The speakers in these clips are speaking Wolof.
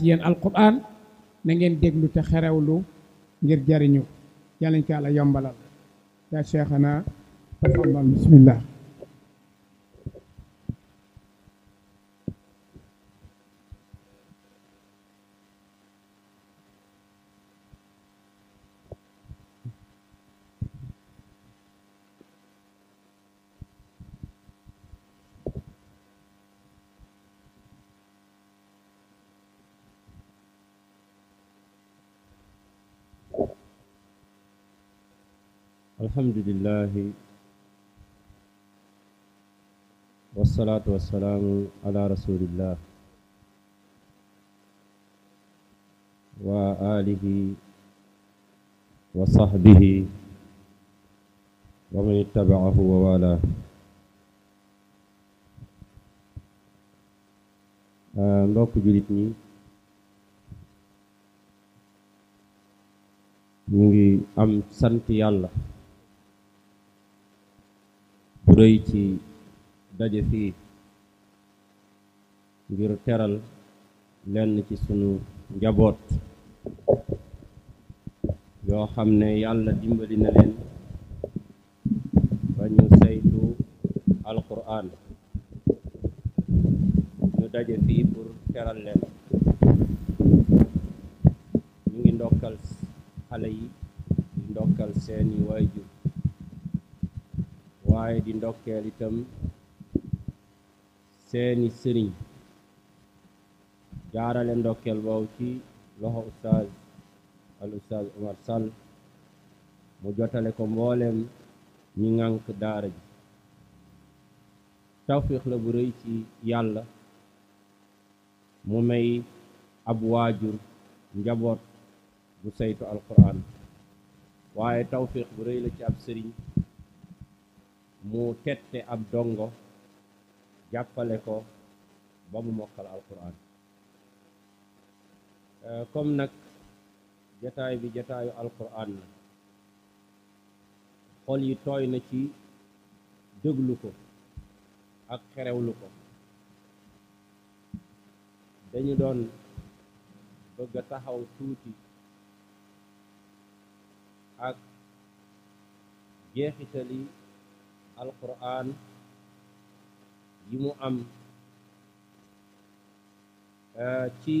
ci yéen alquran na ngeen déglu te xerewlu ngir jariñu yàlla ñu ko yombalal yaa cheikhana الحمد لله والصلاة والسلام على رسول الله وآله وصحبه ومن اتبعه ووالاه مبوك آه، jullit ñi ام سنتي الله bu ci daje fii ngir teral lenn ci sunu njaboot yoo xam ne yàlla dimbali na leen ba ñu saytu alquran ñu daje fii pour teral leen ñu ngi ndokkal xale yi di ndokkal seeni waajur waaye di ndokkeel itam seeni sëriñ jaarale ndokkeel boobu ci loxo ustaaz al ustaaz Omar Sall mu jotale ko mbooleem ñi ŋànk daara ji tawfiix la bu rëy ci yàlla mu may ab waajur njaboot bu saytu alquran waaye tawfiix bu rëy la ci ab sëriñ mu tette ab dongo jàppale ko ba mu mokkal alquran euh, comme nag jataay bi jataayu alquran la xol yi tooy na ci déglu ko ak xerewlu ko dañu doon bëgg a taxaw tuuti ak jeexitali alquran yi mu am ci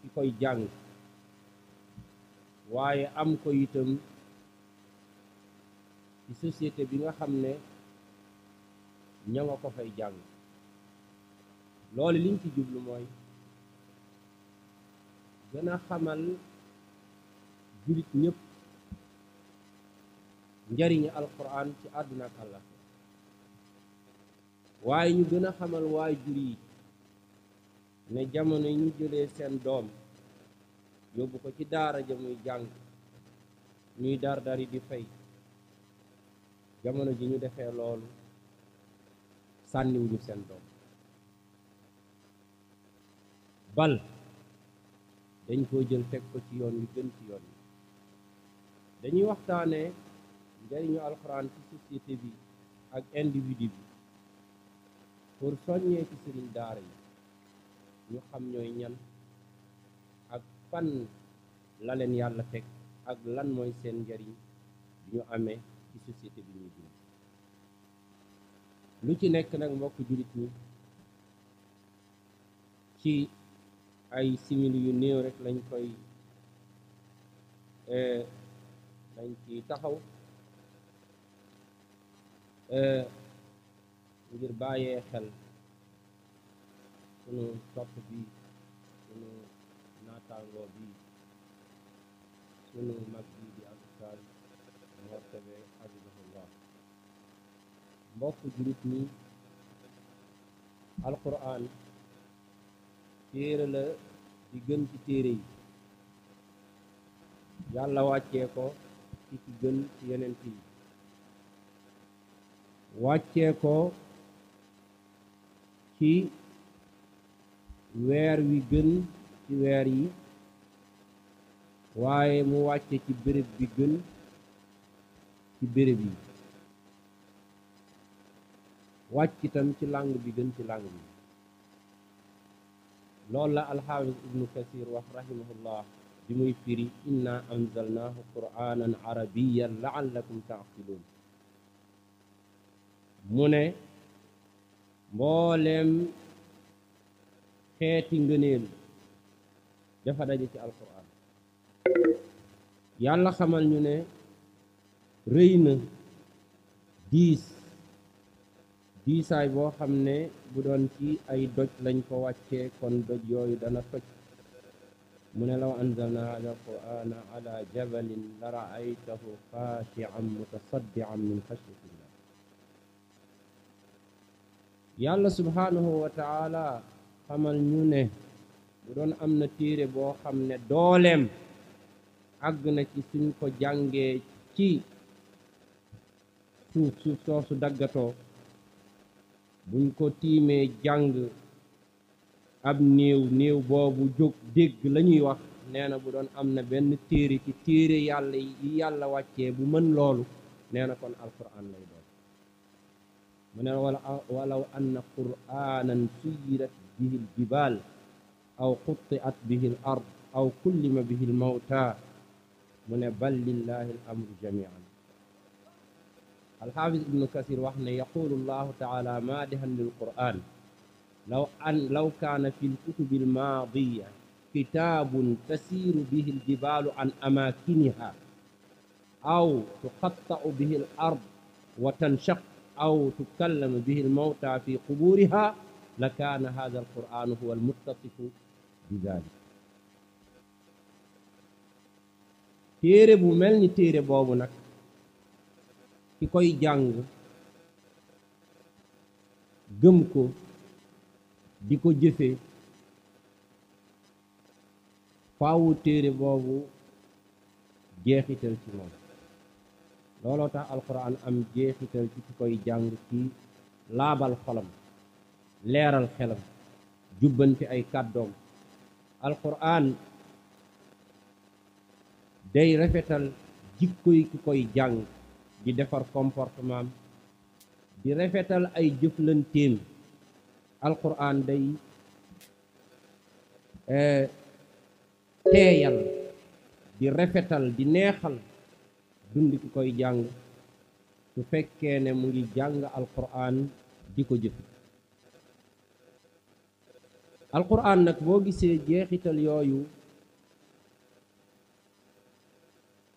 ki koy jàng waaye am ko itam ci société bi nga xam ne ña nga ko fay jàng loolu liñ ci jublu mooy gën a xamal jullit ñëpp njariñ alxuraan ci àdduna ak àllaxira waaye ñu gën a xamal waajur yi ne jamono yi ñu jëlee seen doom yóbbu ko ci daara ja muy jàng ñuy dar dari di fay jamono ji ñu defee loolu sànniwuñu seen doom bal dañ koo jël teg ko ci yoon yu gën ci yoon wi dañuy waxtaanee jëriñu alxuraan ci société bi ak individu bi pour soññee ci sëriñ daara yi ñu xam ñooy ñan ak fan laleen yàlla teg ak lan mooy seen njëriñ bi ñu amee ci société bi ñuy dund lu ci nekk nag mbokk jurit ñi ci ay simili yu néew rek lañ koy eh, lañ ci taxaw ngir bàyyee xel sunu topp bi sunu naataangoo bi sunu mag bi di alustaz Mor Kébé hafidahullah mbokk jurit ni alquran téere la di gën ci téere yi yàlla wàccee ko ci ci gën ci yeneen yi wàccee ko ci weer wi gën ci weer yi waaye mu wàcce ci béréb bi gën ci béréb yi wàcc itam ci làng bi gën ci làng bi loolu la alxaafis ibnu kasir wax rahimahullah bi muy firi inna anzalnaahu quraanan arabiyan ci taaqiluun mune mbollem xeti ngëneel dafa daje ci alcorane yàlla xamal ñu ne reyna 10 10 diisaay boo xam bu doon ci ay doj lañ ko wacce kon doj yooyu dana fecc mune law anzalna hada alqurana ala jabalin la raaytahu xaashian mutasaddian min khashyati yàlla subhaanahu wa xamal ñu ne bu doon am na téere boo xam ne dooleem àgg na ci suñ ko jàngee ci suuf suuf soosu daggatoo buñ ko tiimee jàng ab néew néew boobu jóg dégg la ñuy wax nee na bu doon am na benn téere ci téere yàlla yi yàlla wàccee bu mën loolu nee na kon alquran lay doon من ولو أن قرآنا سيرت به الجبال أو قطعت به الأرض أو كلم به الموتى من بل لله الأمر جميعا الحافظ ابن كثير وحنا يقول الله تعالى مادها للقرآن لو أن لو كان في الكتب الماضية كتاب تسير به الجبال عن أماكنها أو تقطع به الأرض وتنشق أو تكلم به الموتى في قبورها لكان هذا القرآن هو المتصف بذلك تيري بو ملني تيري بوبو نك كيكوي جانغ جمكو ديكو جيفي فاو تيري بابو جيخي تلتي lolo ta alquran am jeexital ci ki koy jang ci labal xolam leral xelam jubanti ay kaddom alquran day rafetal jikko yi ki koy jang di defar comportement di rafetal ay jëflanteem alquran day eh, teyal di rafetal di neexal dundi ki koy jang su fekke ne mu ngi jang alquran diko jëf alquran nak bo gisee jeexital yoyu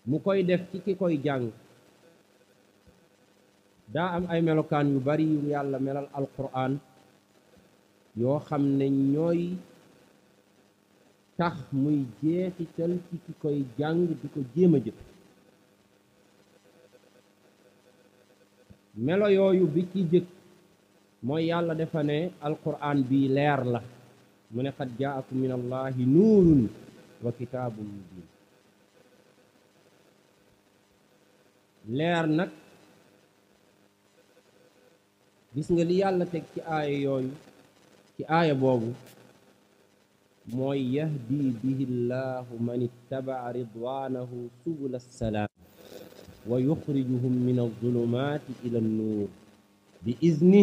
mu koy def ci ki koy jang da am ay melokan yu bari yu yalla melal alquran yo xamne ñoy tax muy jeexital ci ki koy jang diko jema jëf melo yooyu bi ci jëkk mooy yàlla defa ne alxuraan bi leer la mu ne xad jaakum min allahi nuurun wa kitaabun mubin leer nag gis nga li yàlla teg ci aaya yooyu ci aaya boobu mooy yahdi bihi llahu man ittabaa ridwanahu subula salaam wa yuxrijuhum min alzulumaati ila nnuur bi izni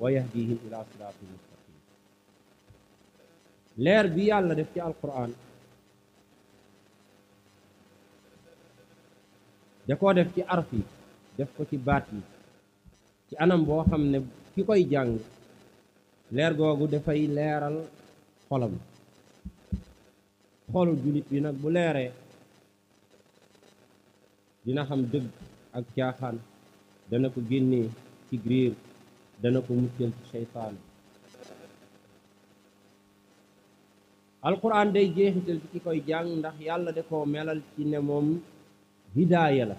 wa yahdihim ila siraatin mustaqim leer bi yàlla def ci alquran da koo def ci arf yi def ko ci baat yi ci anam boo xam ne ki koy jàng leer googu dafay leeral xolam xolu jullit bi nag bu leeree dina xam dëgg ak caaxaan dana ko génne ci griir dana ko muccal ci seytaane alquran day jeexital ci ki koy jàng ndax yàlla da koo melal ci ne moom hidaaya la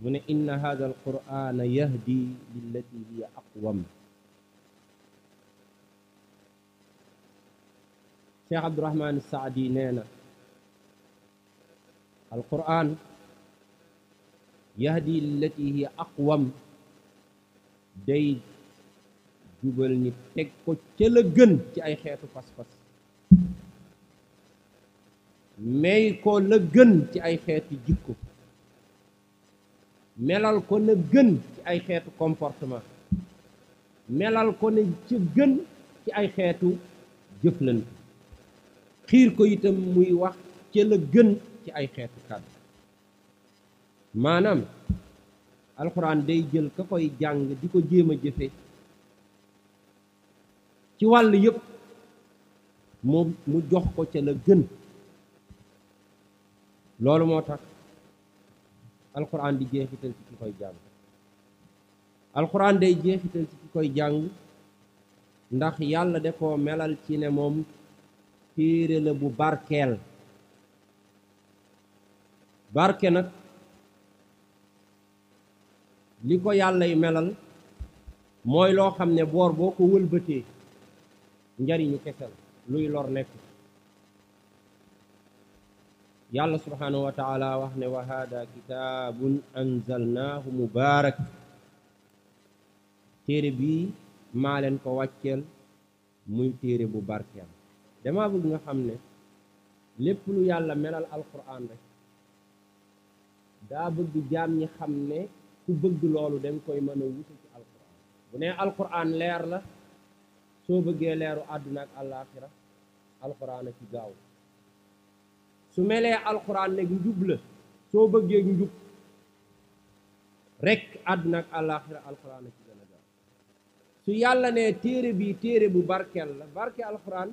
mu ne inna hada alquran yahdi lillati hiya aqwam cheikh abdourahman saadi nee na alquran yahdi lati hiya aqwam day jubal ni teg ko ca la gën ci ay xeetu pas-pas may ko la gën ci ay xeetu jikko melal ko na gën ci ay xeetu comportement melal ko na ca gën ci ay xeetu jëflante xiir ko itam muy wax ca la gën ci ay xeetu kàddu maanaam alxuraan day jël ka koy jàng di ko jéem a jëfe ci wàll yëpp mu mu jox ko ca la gën loolu moo tax alxuraan di jeexital ci koy jàng alxuraan day jeexital ci koy jàng ndax yàlla da koo melal ci ne moom téere la bu barkeel barke nag li ko yàllay melal mooy loo xam ne boor boo ko wëlbatee njariñu kesel luy lor nekk yàlla subhanahu wa taala wax ne wa hada kitaabun anzalnaahu mubaarak téere bii maa leen ko wàcceel muy téere bu barkeel dama bëgg nga xam ne lépp lu yàlla melal alquran rek daa bëgg jaam ñi xam ne ku bëgg loolu da koy mën ci alquran bu nee alquran leer la soo bëggee leeru àdduna ak àllaaxira alquran a su melee alquran nag njub soo bëggee njub rek àdduna ak àllaaxira ci gën a su yàlla ne téere bii téere bu barkeel la barke alquran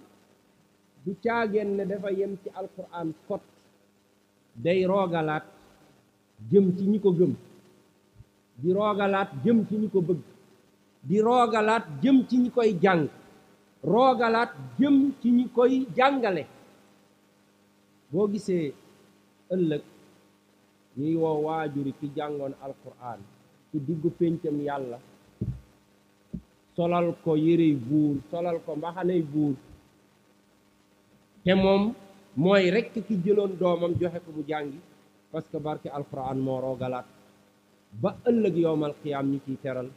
du caageen ne dafa yem ci alquran kot day roogalaat jëm ci ñi ko gëm di roogalaat jëm ci ñi ko bëgg di roogalaat jëm ci ñi koy jàng roogalaat jëm ci ñi koy jàngale boo gisee ëllëg ñuy woo waajuri ki jàngoon alquran ci diggu péncam yàlla solal ko yërey buur solal ko mbaxanay buur te moom mooy rekk ki jëloon doomam joxe ko mu jàngi parce que barke alquran moo roogalaat ba ëllëg yowmal xiyaam ñu ciy teral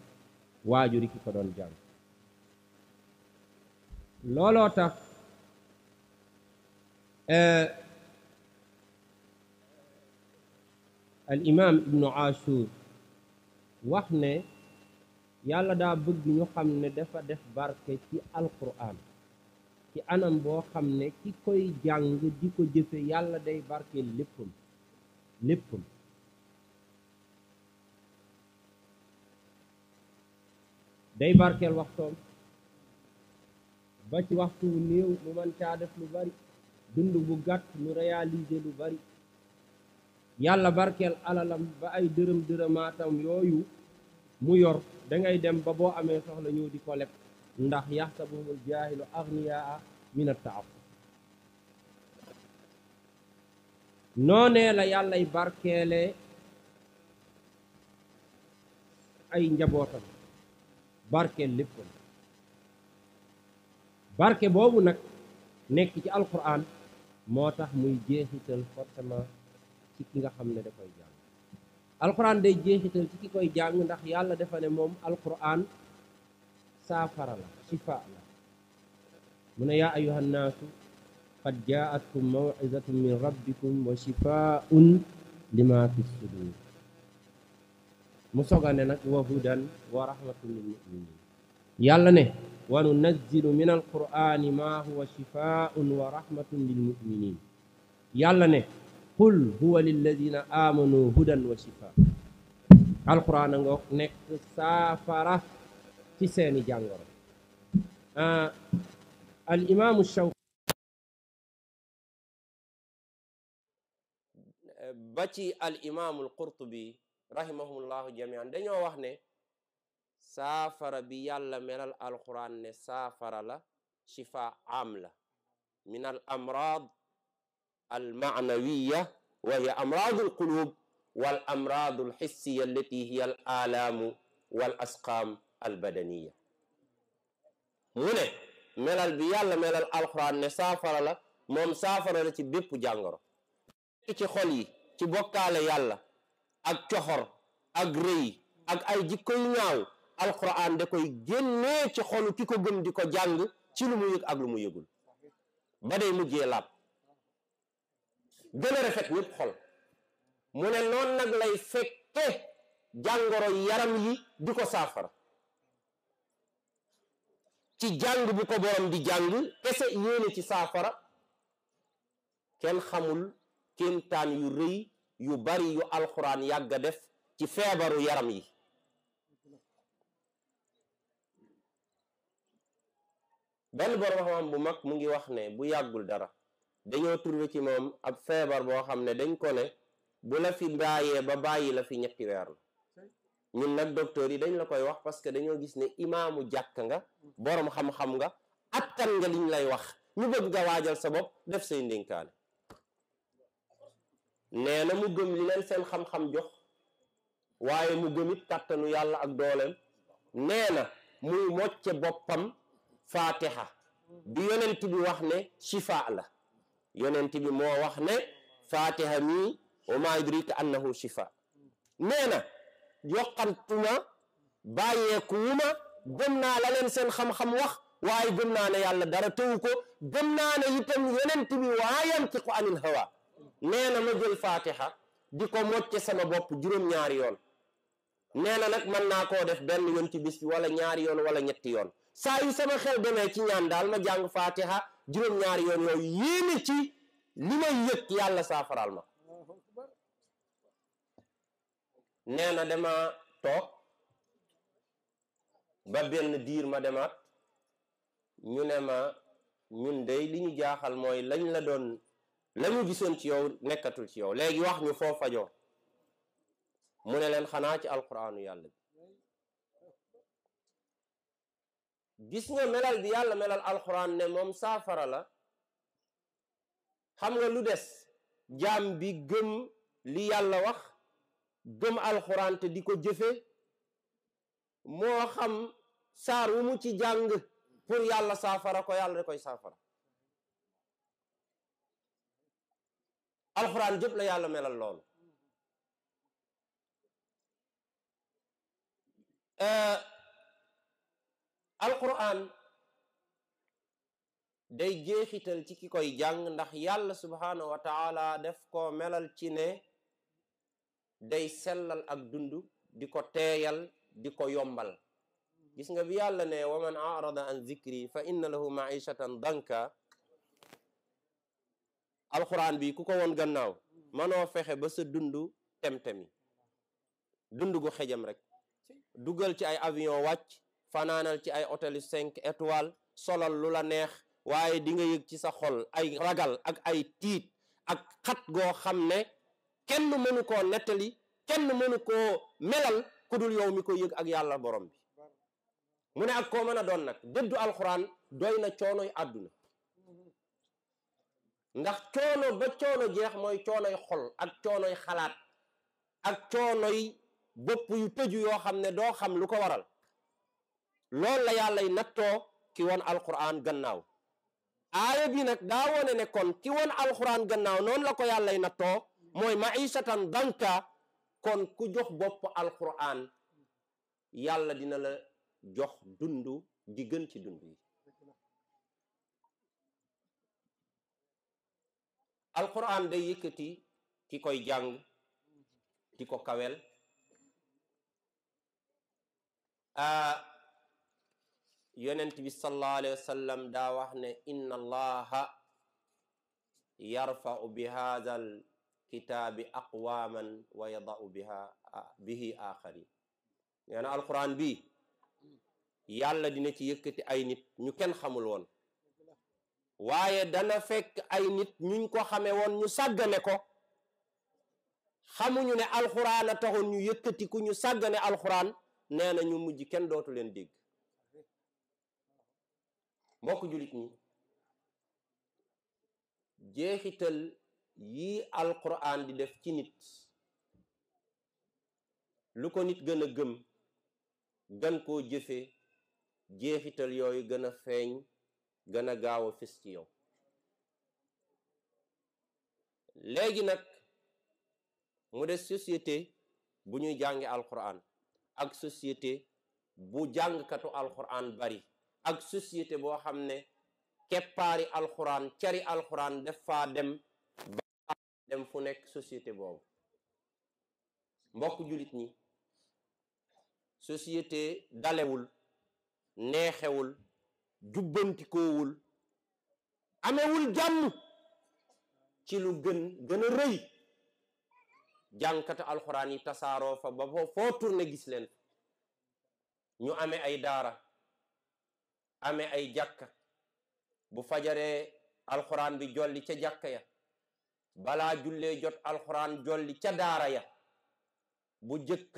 waajuri ki ko doon jàng looloo tax eh, al imaam ibnu ashur wax ne yàlla daa bëgg ñu xam ne dafa def barke ci alquran ci anam boo xam ne ki koy jàng di ko jëfe yàlla day barke léppam léppam day barkeel waxtoom ba ci waxtu wu néew mu mën caa def lu bari dund bu gàtt mu réaliser lu bari yàlla barkeel alalam ba ay dërëm dërëmaatam yooyu mu yor dangay dem ba boo amee soxla ñëw di ko leb ndax sa jaahilu agniyaa min at-ta'affuf noonee la yàllay barkeele ay njabootam barke lépp barke boobu nag nekk ci alquran moo tax muy jeexital fortement ci ki nga xam ne da koy jàng alquran day jeexital ci ki koy jàng ndax yàlla dafa ne moom alquran saafara la shifa la mu ne yaa ayuha nnaasu qad jaatkum mawizatun min rabbikum wa shifaun lima fi sudur mu soga ne nag wa hudan wa rahmatun lil muminin yàlla ne wa nunazzilu min alqur'ani ma huwa shifaun wa rahmatun lil muminin yàlla ne qul huwa lilladina amanu hudan wa shifa alqur'an a ngoog nekk saafara ci seeni jàngoro al imaamu Shawkaani ba ci al imaamul Qurtubi rahimahumullahu jamian dañoo wax ne saafara bi yàlla melal alquran ne saafara la shifa am la min al amrad al maanawiya wa hiya amradu al qulub wal amradu al hissiya allati hiya alaamu wal asqaam al badaniya mu melal bi yàlla melal alquran ne saafara la moom saafara la ci bépp jàngoro ci xol ci bokkaale yàlla ak coxor ak rëy ak ay jikkoy ñaaw alquran da koy genné ci xolu kiko gëm di jang ci lu mu yëg ak lu mu yëgul ba day mujjé laab gëna rafet ñëpp xol mu ne noonu nak lay fekké jangoro yaram yi di safara ci jang bu ko borom di jang kese yéene ci safara ken xamul tan yu reuy yu bari yu alquran yàgg def ci febaru yaram yi benn borom bu mag mu ngi wax ne bu yagul dara dañu trouvé ci mom ab febar bo xamne dañ ko ne bu la fi baye ba bayyi la fi ñetti weer ñun nak docteur yi dañ la koy wax parce que dañu gis ne jakk nga borom xam-xam nga attan nga liñ lay wax ñu bëgg nga wajal sa bop def say neena mu gëm li leen seen xam-xam jox waaye mu gëm it kàttanu yàlla ak dooleem neena na muy mocce boppam fatiha bi yonent bi wax ne shifa la yonent bi moo wax ne fatiha mii wa maa yudrika annahu shifa neena na yoqantuma bàyyeeku wuma gëm naa la leen seen xam-xam wax waaye gëm naa ne yàlla dara tëwu ko gëm naa ne itam yonent bi waayam ci quranil anil hawa nee na ma jël faatiha di ko mocce sama bopp juróom-ñaari yoon nee na nag mën naa koo def benn yoon ci bis bi wala ñaari yoon wala ñetti yoon saa yu sama xel demee ci ñaan daal ma jàng faatiha juróom-ñaari yoon yooyu yéene ci li may yëg yàlla saafaraal ma nee na dama toog ba benn diir ma demaat ñu ne ma ñun dey li ñu jaaxal mooy lañ la doon lañu gisoon ci yow nekkatul ci yow léegi wax ñu foo fajoo mu ne leen xanaa ci alquraanu yàlla bi gis nga melal bi yàlla melal alxuraan ne moom saafara la xam nga lu des jaam bi gëm li yàlla wax gëm alxuraan te di ko jëfe moo xam saar wu mu ci jàng pour yàlla saafara ko yàlla da koy saafara alxuraan jëpp la yàlla melal loolu euh, alxuraan day jeexital ci ki koy jàng ndax yàlla subhaanahu wa def ko melal ci ne day sellal ak dund di ko teeyal di ko yombal gis nga bi yàlla ne wa man an zikri fa inna lahu maishatan danka alxuraan bi ku ko woon gannaaw manoo fexe ba sa dund tem-temi dund gu xejam rek dugal ci ay avion wàcc fanaanal ci ay hôtel yu cinq étoiles solal lu la neex waaye di nga yëg ci sa xol ay ragal ak ay tiit ak xat goo xam ne kenn mënu koo nettali kenn mënu koo melal ku dul yow mi ko yëg ak yàlla borom bi mu ne ak koo mën a doon nag dëddu alxuraan doy na coonoy àdduna ndax coono ba coono jeex mooy coonoy xol ak coonoy xalaat ak coonoy bopp yu tëju yoo xam ne doo xam lu ko waral loolu la yàllay nattoo ki woon alquran gannaaw aaya bi nag daa wone ne kon ki woon alquran gannaaw noonu la ko yàllay nattoo mooy maishatan danka kon ku jox bopp alquran yàlla dina la jox dundu di gën ci dund yi alquran day yëkkati ki koy jàng di ko kawel yonent bi sallallahu alayhi wa sallam daa wax ne inna allaha yarfau bi hadha al kitaabi aqwaman wa yadau biha bihi axarin nee na bi yàlla dina ci yëkkati ay nit ñu kenn xamul waaye dana fekk ay nit ñuñ ko xame woon ñu sàggane ko xamuñu ne alxuraan a taxoon ñu yëkkatiku ñu sàggane alxuraan nee na ñu mujj kenn dootu leen dégg mbokk jullit ñi jeexital yii alxuraan di def ci nit lu ko nit gën a gëm gën koo jëfe jeexital yooyu gën a feeñ gën a gaaw a léegi nag mu de société bu ñuy jànge alquran ak société bu jàngkatu alquran bari ak société boo xam ne keppaari alquran cari alquran def faa dem fu nekk société boobu mbokk julit ñi société dalewul neexewul jubbantikoowul amewul jàmm ci lu gën gën alxuraan yi tasaaroo fa ba foo tourné gis leen ñu ame ay daara ame ay jàkka bu fajaree alxuraan bi jolli ca jàkka ya bala jullee jot alxuraan jolli ca daara ya bu jëkk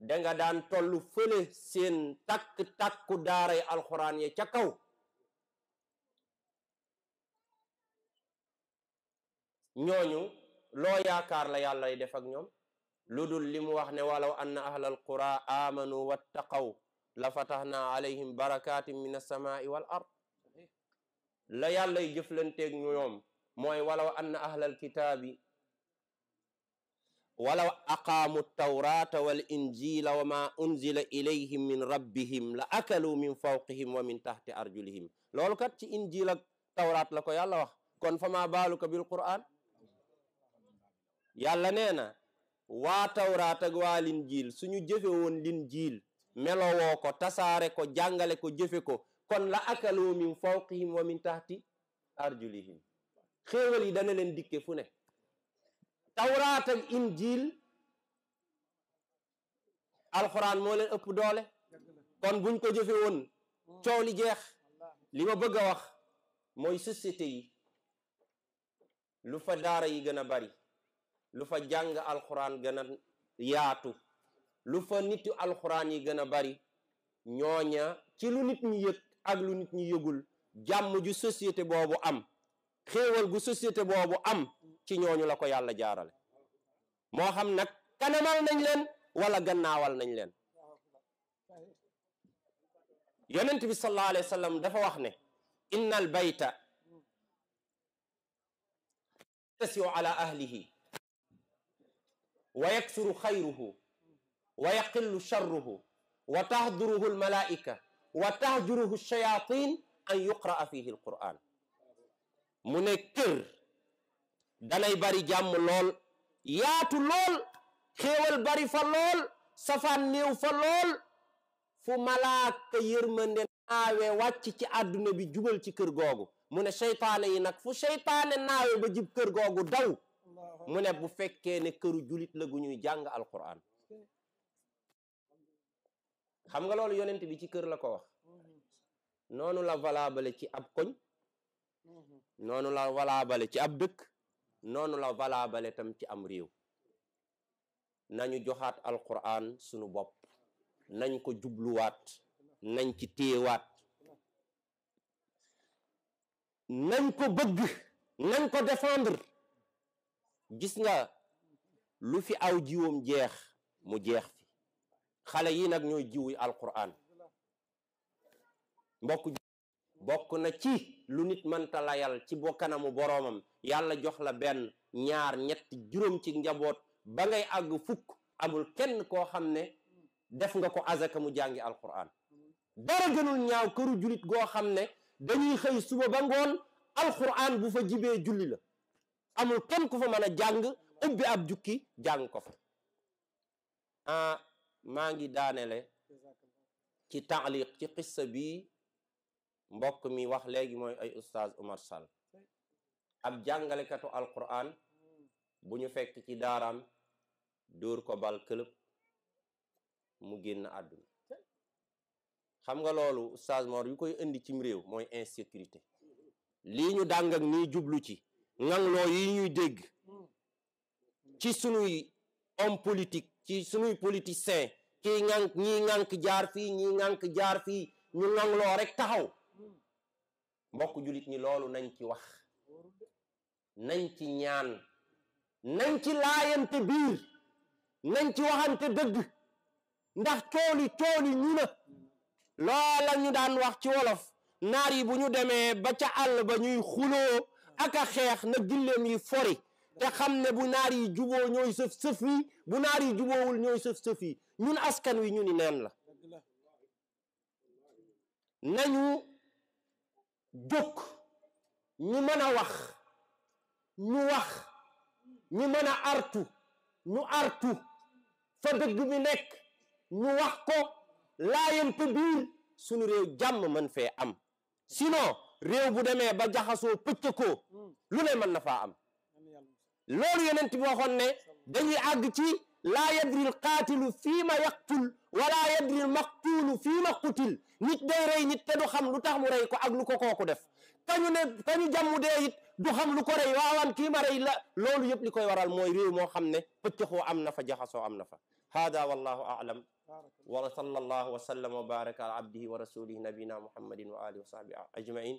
danga daan tollu fële seen takk-takku daaray alxuraan ya ca kaw ñooñu loo yaakaar la yàlla def ak ñoom lu dul li wax ne walaw anna ahlal qura amanu wattaqaw la fataxna alayhim barakatin min alsamai wal ard la yàllay jëflanteeg ñoom mooy walaw anna ahlal kitaabi wala aqaamu tawrata wal injila wa ma unzila ilayhim min rabbihim la akalu min fawqihim wa min tahti arjulihim loolu kat ci injil ak tawraat la ko yàlla wax kon fa ma baaluka bil qur'an yàlla nee na waa tawraat ak waa linjiil suñu jëfe woon linjiil melowoo ko tasaare ko jàngale ko jëfe ko kon la akalu min fawqihim wa min tahti arjulihim Taurat, ak injil Al mo leen ëpp doole kon buñ ko jëfé won ciow li jeex li ma bëgg wax moy société yi lu fa daara yi gëna bari lu fa jang alxuraan yaatu lu fa nitu alxuraan yi gëna Nyonya, bari ñoña ci lu nit ñi yëk ak lu nit ñi yëgul jamm ju société bobu am xewal gu société bobu am ci ñooñu la ko yàlla jaarale mo xam nak kanamal nañ leen wala gannaawal nañ leen yonent bi sallallahu alayhi wasallam dafa wax ne innal bayta tasiu ala ahlihi wa yaksuru xayruhu wa yaqillu charruhu wa tahduruhu almalaika wa tahjuruhu alchayatin an yuqraa fihi alquran mu ne kër danay bari jàmm lool yaatu lool xéewal bari fa lool safaan néew fa lool fu malaaka yërmande naawe wàcc ci àdduna bi jubal ci kër googu mu ne seytaane yi nag fu seytaane naawe ba jib kër googu daw mu ne bu fekkee ne këru julit la gu ñuy jàng alquran xam nga loolu yonent bi ci kër la ko wax mm-hmm. noonu la valable ci ab koñ noonu la valable ci ab dëkk noonu la valable tam ci am réew nañu joxaat alquran sunu bopp nañ ko jubluwaat nañ ci téyewaat nañ ko bëgg nañ ko défendre gis nga lu fi aw jiwoom jeex mu jeex fi xale yi nag ñooy jiwu alquran mbokk bokk na ci lu nit mënta layal ci bokkanamu boroomam yàlla jox la benn ñaar ñett juróom ci njaboot ba ngay àgg fukk amul kenn koo xam ne def nga ko azaka mu jàngi alquran dara gënul ñaaw këru julit goo xam ne dañuy xëy suba ba ngoon alquran bu fa jibee julli la amul kenn ku fa mën a jàng ubbi ab jukki jàng ko fa ah maa ngi daanele ci taaliq ci qissa bii mbokk mi wax léegi mooy ay oustaz Oumar Sall ab jàngalekatu alquran bu ñu fekk ci daaram dóor ko bal këlëb mu génn àdduna xam nga loolu oustaz Mor yu koy indi cim réew mooy insécurité lii ñu dàng ak jublu ci ngangloo yi ñuy dégg ci sunuy homme politique ci sunuy politicien kii ngank ñii ngank jaar fii ñii ngank jaar fii ñu ngangloo rek taxaw mbokk julit ñi loolu nañ ci wax nañ ci ñaan nañ ci laayante biir nañ ci waxante dëgg ndax cooli cooli ñu na loola ñu daan wax ci wolof naar yi bu ñu demee ba ca àll ba ñuy xuloo ak a xeex na gilleem yi fori te xam ne bu naar yi juboo ñooy sëf sëf yi bu naar yi juboowul ñooy sëf sëf yi ñun askan wi ñu ni neen la nañu jóg ñu mën a wax ñu wax ñu mën artu ñu artu fa dëgg bi nekk ñu wax ko laayante biir suñu réew jàmm mën fee am sino réew bu demee ba jaxasoo pëcc ko lu ne mën na fa am loolu yonent bi waxoon ne dañuy àgg ci laa yadri l qaatilu fii ma yaqtul wala yadri l maqtuulu fii qutil nit day reey nit te du xam lu tax mu reey ko ak lu ko koku def tañu ne tañu jamu dé it du xam lu ko reey waawan ki ma reey la lolou yëpp likoy waral moy réew mo xamné ne amna fa jaxaso amna fa hada wallahu a'lam wa sallallahu wa sallam wa baraka ala abdihi wa rasulihi nabina muhammadin wa alihi wa sahbihi ajmain